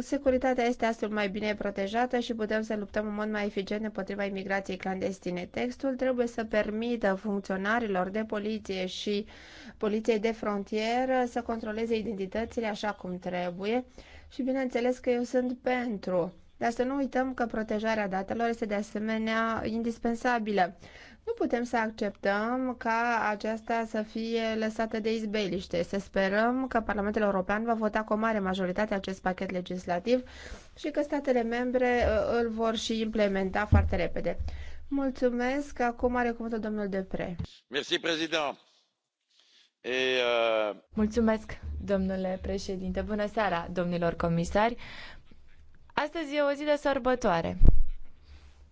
Securitatea este astfel mai bine protejată și putem să luptăm în mod mai eficient împotriva imigrației clandestine. Textul trebuie să permită funcționarilor de poliție și poliției de frontieră să controleze identitățile așa cum trebuie și bineînțeles că eu sunt pentru. Dar să nu uităm că protejarea datelor este de asemenea indispensabilă. Nu putem să acceptăm ca aceasta să fie lăsată de izbeliște. Să sperăm că Parlamentul European va vota cu o mare majoritate acest pachet legislativ și că statele membre uh, îl vor și implementa foarte repede. Mulțumesc. Acum are cuvântul domnul Depre. Mersi, prezident. uh... Mulțumesc, domnule președinte. Bună seara, domnilor comisari. Astăzi e o zi de sărbătoare.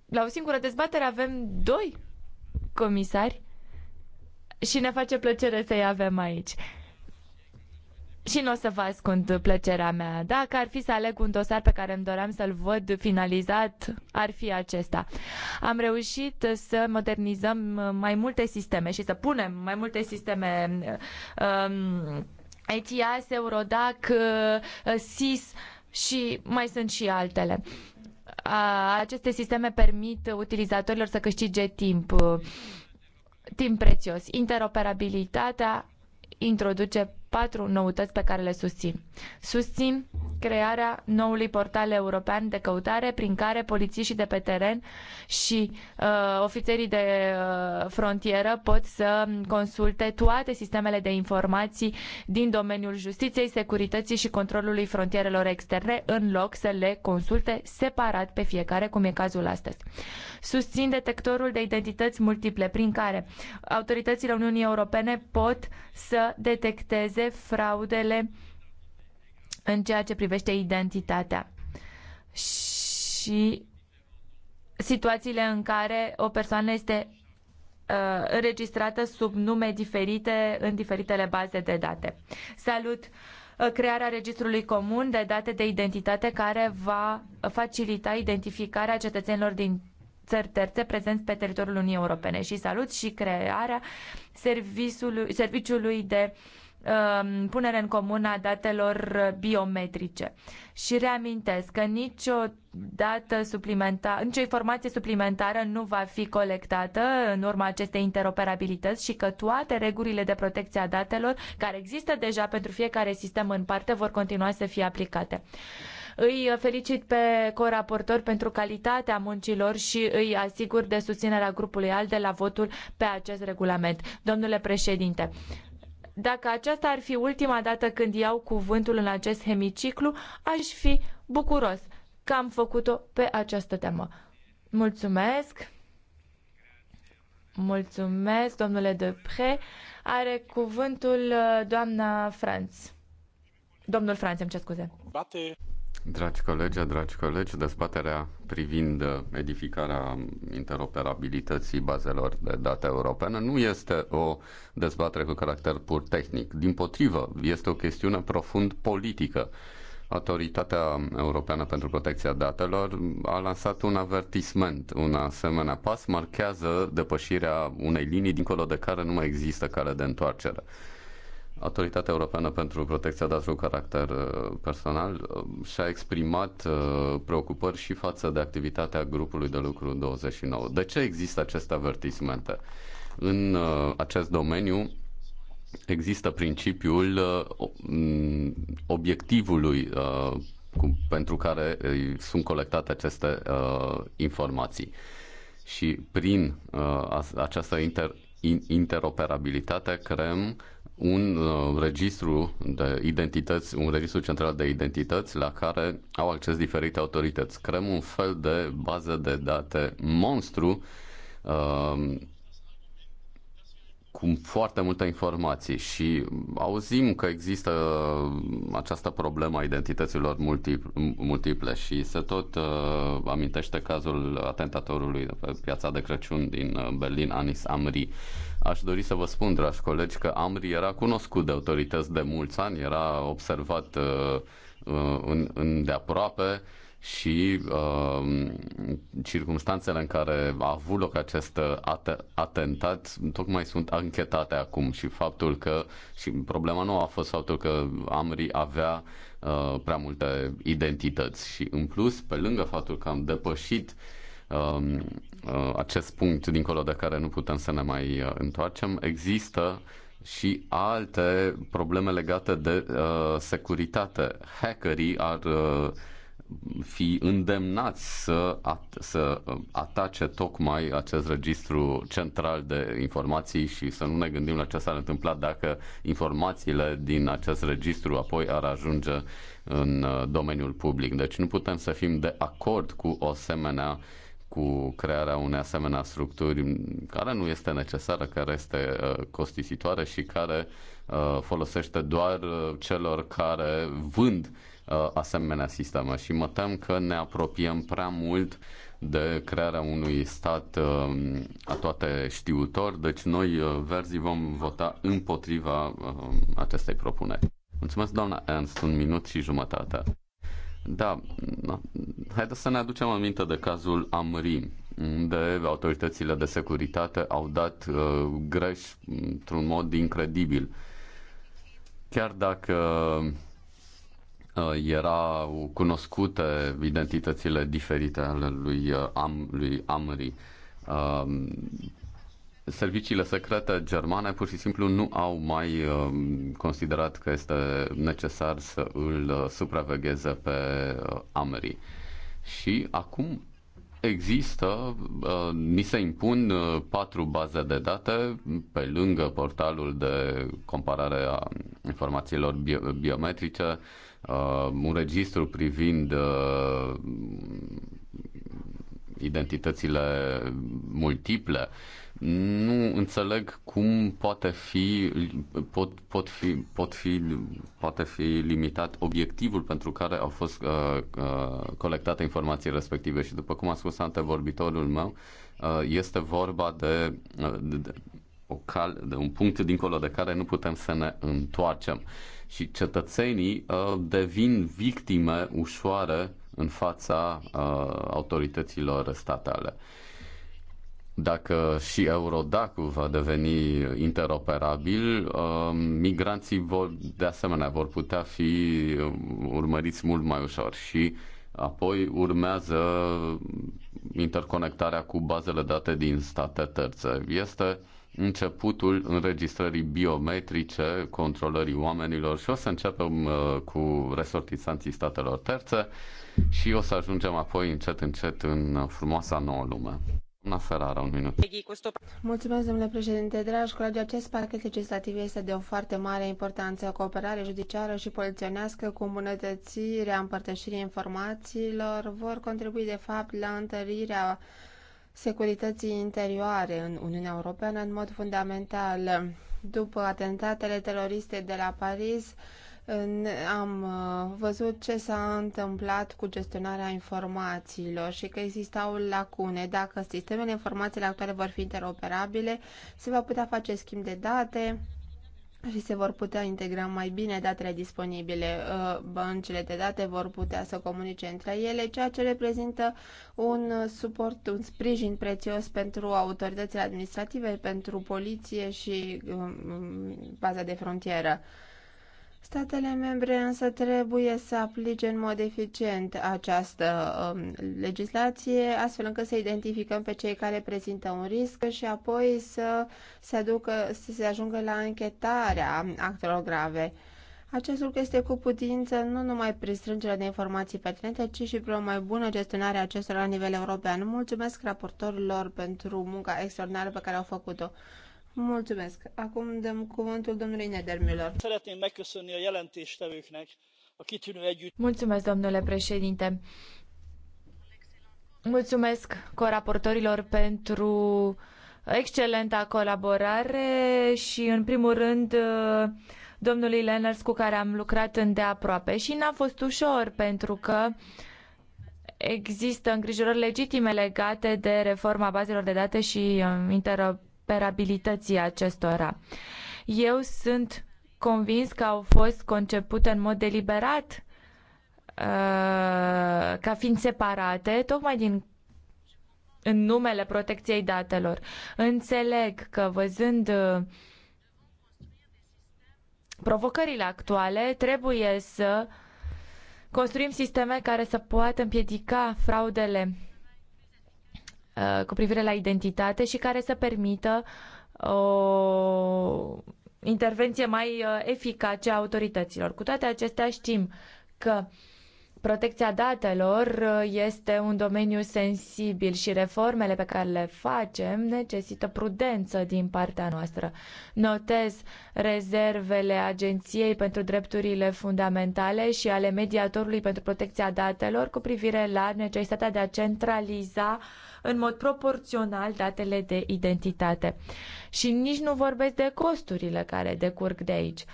La o singură dezbatere avem doi comisari și ne face plăcere să-i avem aici. Și nu o să vă ascund plăcerea mea. Dacă ar fi să aleg un dosar pe care îmi doream să-l văd finalizat, ar fi acesta. Am reușit să modernizăm mai multe sisteme și să punem mai multe sisteme um, Eurodac, SIS uh, și mai sunt și altele. Uh, aceste sisteme permit utilizatorilor să câștige timp, uh, timp prețios. Interoperabilitatea introduce patru noutăți pe care le susțin. Susțin crearea noului portal european de căutare prin care polițiștii de pe teren și uh, ofițerii de uh, frontieră pot să consulte toate sistemele de informații din domeniul justiției, securității și controlului frontierelor externe în loc să le consulte separat pe fiecare, cum e cazul astăzi. Susțin detectorul de identități multiple prin care autoritățile Uniunii Europene pot să detecteze evite fraudele în ceea ce privește identitatea și situațiile în care o persoană este uh, înregistrată sub nume diferite în diferitele baze de date. Salut! Uh, crearea registrului comun de date de identitate care va facilita identificarea cetățenilor din țări terțe prezenți pe teritoriul Uniunii Europene și salut și crearea serviciului de uh, Um, punere în comun a datelor biometrice. Și reamintesc că nicio dată suplimentară, nicio informație suplimentară nu va fi colectată în urma acestei interoperabilități și că toate regulile de protecție a datelor care există deja pentru fiecare sistem în parte vor continua să fie aplicate. Îi felicit pe coraportor pentru calitatea muncilor și îi asigur de susținerea grupului al de la votul pe acest regulament. Domnule președinte, dacă aceasta ar fi ultima dată când iau cuvântul în acest hemiciclu, aș fi bucuros că am făcut-o pe această temă. Mulțumesc! Mulțumesc, domnule Depre. Are cuvântul uh, doamna Franț. Domnul Franț, îmi cer scuze. Bate. Dragi colegi, dragi colegi, dezbaterea privind edificarea interoperabilității bazelor de date europene nu este o dezbatere cu caracter pur tehnic. Din potrivă, este o chestiune profund politică. Autoritatea Europeană pentru Protecția Datelor a lansat un avertisment. Un asemenea pas marchează depășirea unei linii dincolo de care nu mai există cale de întoarcere. Autoritatea Europeană pentru Protecția Datelor cu Caracter uh, Personal uh, și-a exprimat uh, preocupări și față de activitatea grupului de lucru 29. De ce există aceste avertismente? În acest domeniu există principiul obiectivului pentru care sunt colectate aceste informații și prin această inter- interoperabilitate, creăm un uh, registru de identități, un registru central de identități la care au acces diferite autorități. Creăm un fel de bază de date monstru uh, cu foarte multă informație și auzim că există uh, această problemă a identităților multiple și se tot uh, amintește cazul atentatorului de pe piața de Crăciun din uh, Berlin, Anis Amri. Aș dori să vă spun, dragi colegi, că Amri era cunoscut de autorități de mulți ani, era observat uh, uh în, în de aproape și uh, um, circunstanțele în care a avut loc acest uh, at- atentat tocmai sunt anchetate acum și faptul că și problema nu a fost faptul că Amri avea uh, prea multe identități și în plus pe lângă faptul că am depășit uh, uh, acest punct dincolo de care nu putem să ne mai uh, întoarcem există și alte probleme legate de uh, securitate. Hackerii ar uh, fi îndemnați să, at- să uh, atace tocmai acest registru central de informații și să nu ne gândim la ce s-ar întâmpla dacă informațiile din acest registru apoi ar ajunge în uh, domeniul public. Deci nu putem să fim de acord cu o asemenea cu crearea unei asemenea structuri care nu este necesară, care este uh, costisitoare și care folosește doar celor care vând Uh, asemenea sistemă și mă tem că ne apropiem prea mult de crearea unui stat uh, a toate știutor, deci noi uh, verzii vom vota împotriva acestei propuneri. Mulțumesc, doamna Ernst, un minut și jumătate. Da, da. haideți să ne aducem aminte de cazul Amri, unde autoritățile de securitate au dat uh, greș într-un mod incredibil. Chiar dacă uh, Uh, erau cunoscute identitățile diferite ale lui, uh, Am, lui Amri. Um, serviciile secrete germane pur și simplu nu au mai um, considerat că este necesar să îl uh, supravegheze pe Amri. Și acum Există, mi uh, se impun uh, patru baze de date pe lângă portalul de comparare a informațiilor biometrice, uh, un registru privind identitățile multiple, nu înțeleg cum poate fi, pot, pot fi, pot fi, poate fi limitat obiectivul pentru care au fost uh, uh, colectate informații respective și după cum a spus antevorbitorul meu, uh, este vorba de, uh, de, de, o cal, de un punct dincolo de care nu putem să ne întoarcem și cetățenii uh, devin victime ușoare în fața uh, autorităților statale. Uh, dacă și Eurodac va deveni interoperabil, um, migranții vor, de asemenea vor putea fi um, urmăriți mult mai ușor și apoi urmează interconectarea cu bazele date din state terțe. Este începutul înregistrării biometrice, controlării oamenilor și o să începem uh, cu resortisanții statelor terțe și o să ajungem apoi încet încet în frumoasa nouă lume. Mulțumesc, domnule președinte. Dragi colegi, acest pachet legislativ este de o foarte mare importanță. Cooperare judiciară și poliționească cu îmbunătățirea împărtășirii informațiilor vor contribui, de fapt, la întărirea securității interioare în Uniunea Europeană în mod fundamental. După atentatele teroriste de la Paris, am uh, văzut ce s-a întâmplat cu gestionarea informațiilor și că existau lacune. Dacă sistemele informațiile actuale vor fi interoperabile, se va putea face schimb de date și se vor putea integra mai bine datele disponibile. Uh, băncile de date vor putea să comunice între ele, ceea ce reprezintă un suport, un sprijin prețios pentru autoritățile administrative, pentru poliție și um, um, baza de frontieră. Statele membre însă trebuie să aplice în mod eficient această um, legislație, astfel încât să identificăm pe cei care prezintă un risc și apoi să se, aducă, să se ajungă la închetarea actelor grave. Acest lucru este cu putință nu numai prin strângerea de informații pertinente, ci și prin o mai bună gestionare a acestora la nivel european. Mulțumesc raportorilor pentru munca extraordinară pe care au făcut-o. Mulțumesc. Acum dăm cuvântul domnului Nedermüller. Szeretném megköszönni a jelentéstevőknek a kitűnő együtt... Mulțumesc, domnule președinte. Mulțumesc coraportorilor pentru excelenta colaborare și, în primul rând, domnului Lenners cu care am lucrat îndeaproape. Și n-a fost ușor, pentru că există îngrijorări legitime legate de reforma bazelor de date și um, interoperabilitatea interoperabilității acestora. Eu sunt convins că au fost concepute în mod deliberat uh, ca fiind separate, tocmai din în numele protecției datelor. Înțeleg că văzând uh, provocările actuale, trebuie să construim sisteme care să poată împiedica fraudele Uh, cu privire la identitate și care să permită o intervenție mai uh, eficace a autorităților. Cu toate acestea știm că protecția datelor uh, este un domeniu sensibil și reformele pe care le facem necesită prudență din partea noastră. Notez rezervele Agenției pentru Drepturile Fundamentale și ale Mediatorului pentru Protecția Datelor cu privire la necesitatea de a centraliza uh, în mod proporțional datele de identitate. Și nici nu vorbesc de costurile care decurg de aici.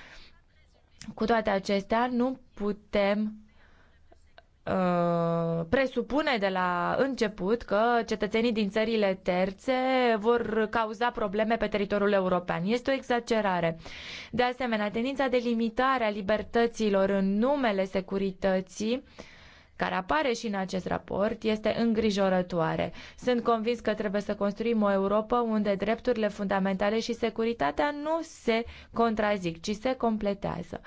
Cu toate acestea, nu putem uh, presupune de la început că cetățenii din țările terțe vor cauza probleme pe teritoriul european. Este o exagerare. De asemenea, tendința de limitare a libertăților în numele securității uh, care apare și în acest raport este îngrijorătoare. Sunt convins că trebuie să construim o Europa unde drepturile fundamentale și securitatea nu se contrazic, ci se completează.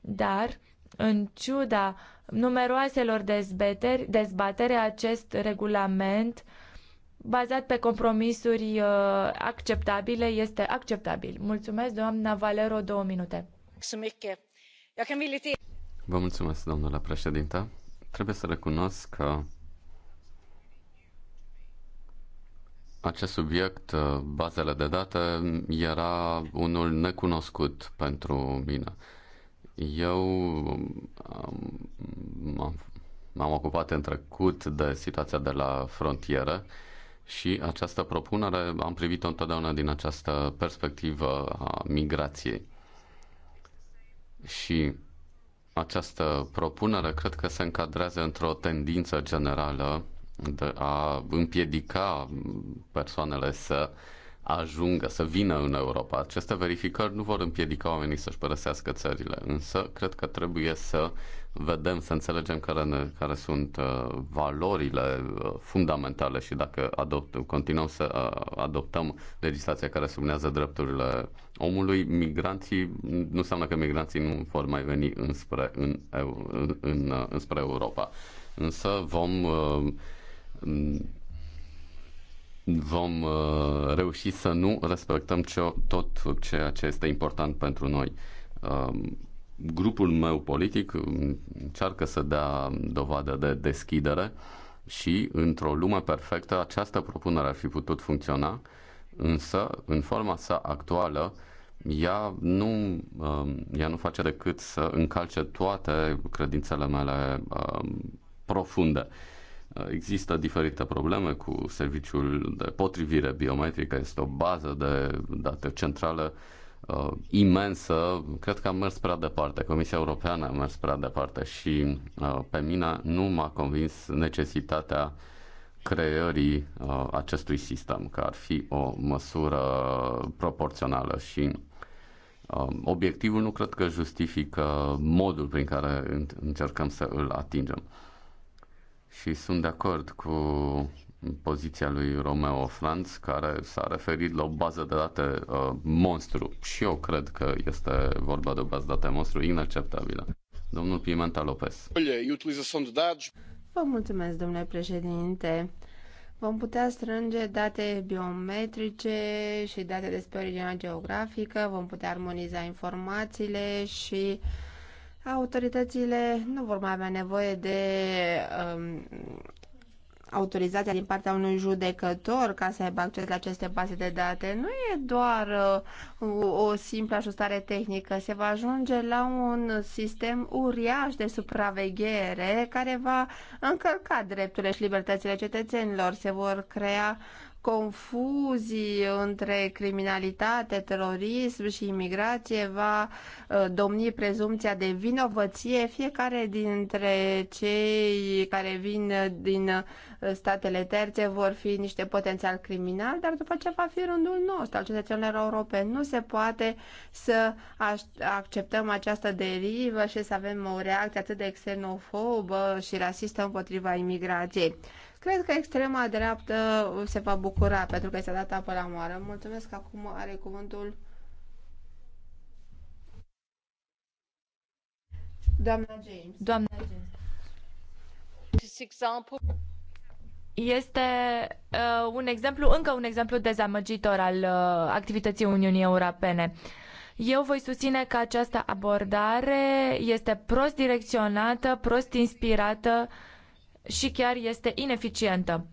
Dar, în ciuda numeroaselor dezbateri, dezbatere, acest regulament bazat pe compromisuri uh, acceptabile este acceptabil. Mulțumesc, doamna Valero, două minute. Vă mulțumesc, domnule președinte. Trebuie să recunosc că acest subiect, uh, bazele de date, era unul necunoscut pentru mine. Eu um, am, m-am ocupat în trecut de situația de la frontieră și această propunere am privit-o întotdeauna din această perspectivă a migrației. Și această propunere cred că se încadrează într-o tendință generală de a împiedica persoanele să ajungă, să vină în Europa. Aceste verificări nu vor împiedica oamenii să-și părăsească țările, însă cred că trebuie să vedem, să înțelegem care, ne, care sunt uh, valorile uh, fundamentale și dacă adopt, continuăm să uh, adoptăm legislația care sublinează drepturile omului, migranții, nu înseamnă că migranții nu vor mai veni înspre, în, în, în, înspre Europa. Însă vom vom reuși să nu respectăm ce, tot ceea ce este important pentru noi um, grupul meu politic încearcă să dea dovadă de deschidere și, într-o lume perfectă, această propunere ar fi putut funcționa, însă, în forma sa actuală, ea nu, um, ea nu face decât să încalce toate credințele mele um, profunde. Există diferite probleme cu serviciul de potrivire biometrică, este o bază de date centrală uh, imensă, cred că am mers prea departe. Comisia Europeană a mers prea departe și uh, pe mine nu m-a convins necesitatea creării uh, acestui sistem, că ar fi o măsură proporțională și uh, obiectivul nu cred că justifică modul prin care încercăm să îl atingem. Uh, și sunt de acord cu poziția lui Romeo Franz, care s-a referit la o bază de date uh, monstru. Și eu cred că este vorba de o bază de date monstru inacceptabilă. Domnul Pimenta Lopez. Vă mulțumesc, domnule președinte. Vom putea strânge date biometrice și date despre originea geografică, vom putea armoniza informațiile și uh, autoritățile nu vor mai avea nevoie de um, autorizația din partea unui judecător ca să aibă acces la aceste baze de date. Nu e doar uh, o simplă ajustare tehnică, se va ajunge la un sistem uriaș de supraveghere care va încălca drepturile și libertățile cetățenilor. Se vor crea confuzii între criminalitate, terorism și imigrație va uh, domni prezumția de vinovăție fiecare dintre cei care vin uh, din uh, statele terțe vor fi niște potențial criminali, dar după ce va fi rândul nostru, al cetățenilor europeni, nu se poate să acceptăm această derivă și să avem o reacție atât de xenofobă și rasistă împotriva imigrației. Cred că extrema dreaptă se va bucura pentru că este a dat apă la moară. Mulțumesc că acum are cuvântul doamna James. Doamna James. Este uh, un exemplu, încă un exemplu dezamăgitor al uh, activității Uniunii Europene. Eu voi susține că această abordare este prost direcționată, prost inspirată uh, și chiar este ineficientă.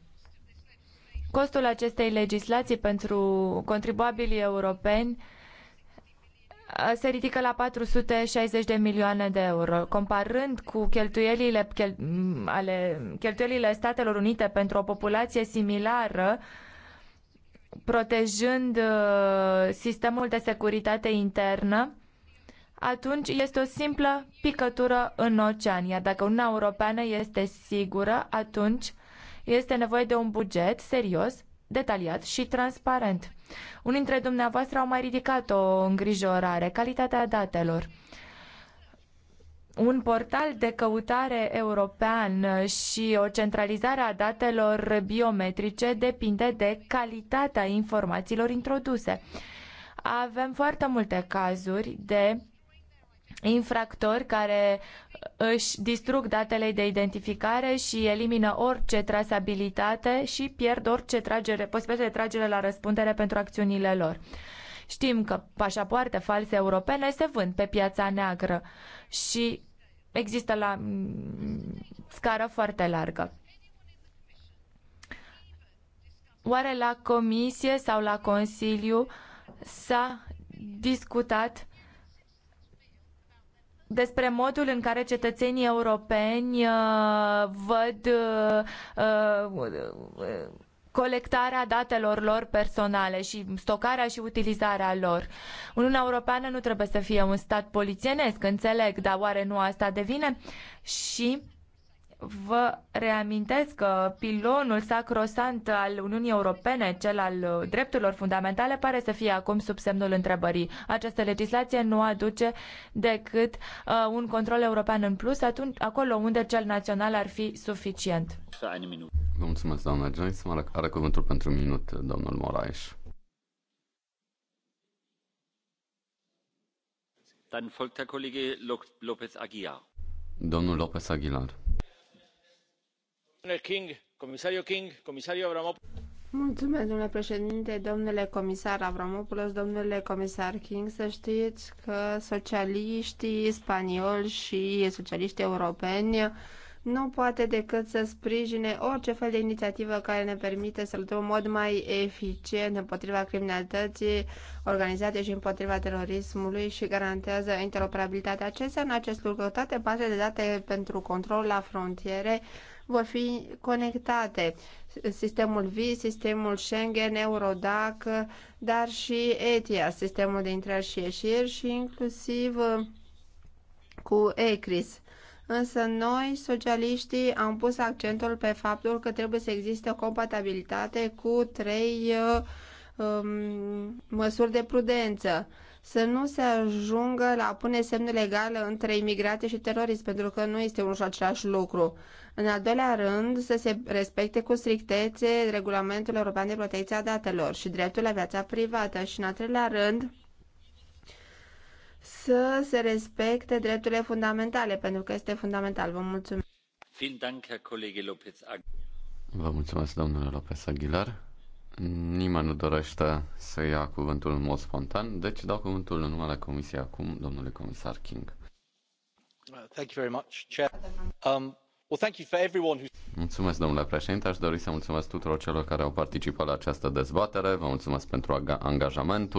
Costul acestei legislații pentru contribuabilii europeni se ridică la 460 de milioane de euro, comparând cu cheltuielile, chel, ale, cheltuielile Statelor Unite pentru o populație similară, protejând uh, sistemul de securitate internă atunci este o simplă picătură în ocean. Iar dacă Uniunea Europeană este sigură, atunci este nevoie de un buget serios, detaliat și transparent. Unii dintre dumneavoastră au mai ridicat o îngrijorare, calitatea datelor un portal de căutare european și o centralizare a datelor biometrice depinde de calitatea informațiilor introduse. Avem foarte multe cazuri de infractori care uh, își distrug datele de identificare și elimină orice trasabilitate și pierd orice tragere, posibilitate de tragere la răspundere pentru acțiunile lor. Știm că pașapoarte false europene se vând pe piața neagră și există la mm, scară foarte largă. Oare la Comisie sau la Consiliu s-a discutat uh, despre modul în care cetățenii europeni uh, văd uh, uh, colectarea datelor lor personale și stocarea și utilizarea lor. Uniunea Europeană nu trebuie să fie un stat polițienesc, înțeleg, dar oare nu asta devine? Și vă reamintesc că pilonul sacrosant al Uniunii Europene, cel al uh, drepturilor fundamentale, pare să fie acum sub semnul întrebării. Această legislație nu aduce decât uh, un control european în plus, atunci, acolo unde cel național ar fi suficient. Vă mulțumesc, doamna Joyce. Mă are cuvântul pentru un minut, uh, domnul Moraes. Dann folgt der Kollege Lopez Aguilar. Domnul Lopez Aguilar domnule președinte, domnule comisar Avramopoulos, domnule comisar King, să știți că socialiștii spanioli și socialiștii europeni nu poate decât să sprijine orice fel de inițiativă care ne permite să luptăm în mod mai eficient împotriva criminalității organizate și împotriva terorismului și garantează interoperabilitatea Ce înseamnă acest lucru, toate bazele de date pentru control la frontiere vor fi conectate. Sistemul V, sistemul Schengen, Eurodac, dar și etia, sistemul de intrare și ieșiri și inclusiv uh, cu ECRIS. Însă noi, socialiștii, am pus accentul pe faptul că trebuie să existe o compatibilitate cu trei uh, um, măsuri de prudență să nu se ajungă la a pune semne legale între imigrație și terorism, pentru că nu este unul și același lucru. În al doilea rând, să se respecte cu strictețe regulamentul european de protecție a datelor și dreptul la viața privată. Și în al treilea rând, să se respecte drepturile fundamentale, pentru că este fundamental. Vă mulțumesc. Vă mulțumesc, domnule Lopez Aguilar. Nimeni nu dorește să ia cuvântul în mod spontan, deci dau cuvântul în numele Comisiei acum, domnule comisar King. Uh, thank you very much, Chair. Um, Mulțumesc, domnule președinte. Aș dori să mulțumesc tuturor celor care au participat la această dezbatere. Vă mulțumesc pentru angajamentul.